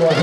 Gracias.